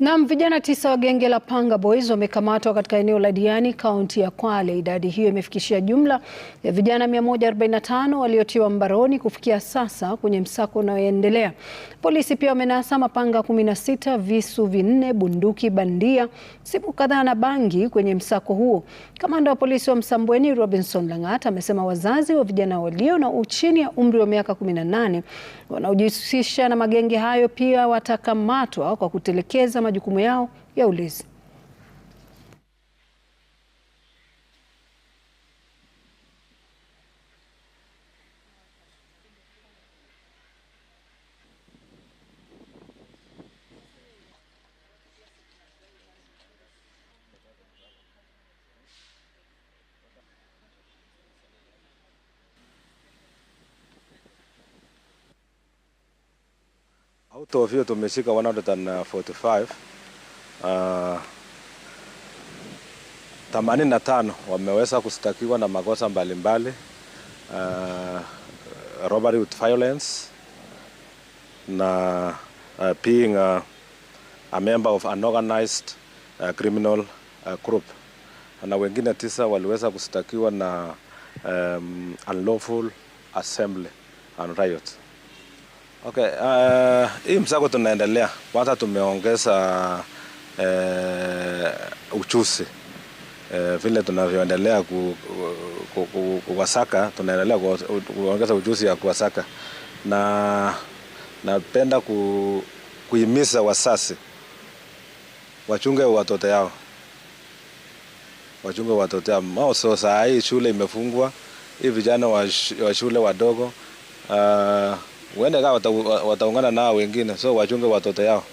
Nam vijana tisa wa genge la Panga Boys wamekamatwa katika eneo la Diani, kaunti ya Kwale. Idadi hiyo imefikishia jumla ya vijana 145 waliotiwa mbaroni kufikia sasa kwenye msako unaoendelea. Polisi pia wamenasa mapanga 16, visu vinne, bunduki bandia, simu kadhaa na bangi kwenye msako huo. Kamanda wa polisi wa Msambweni Robinson Langat amesema wazazi wa vijana walio na chini ya umri wa miaka 18 wanaojihusisha na magenge hayo pia watakamatwa kwa kutelekeza de comunhão, eu lhes Out of hiyo tumeshika 145 uh, ah, tano wameweza kustakiwa na makosa mbalimbali mbali. Uh, robbery with violence na uh, being a, a member of an organized uh, criminal uh, group na wengine tisa waliweza kustakiwa na um, unlawful assembly and riot. Okay, uh, hii msako tunaendelea. Kwanza tumeongeza uh, uchuzi uh, vile tunavyoendelea kuwasaka ku, ku, ku, tunaendelea kuongeza uchuzi ya kuwasaka, na napenda ku, kuhimiza wasasi wachunge watoto yao, wachunge watoto yao. Mauso saa hii shule imefungwa, hii vijana wa shule wadogo uh, huenda kawa wataungana nao wengine, so wachunge watoto yao.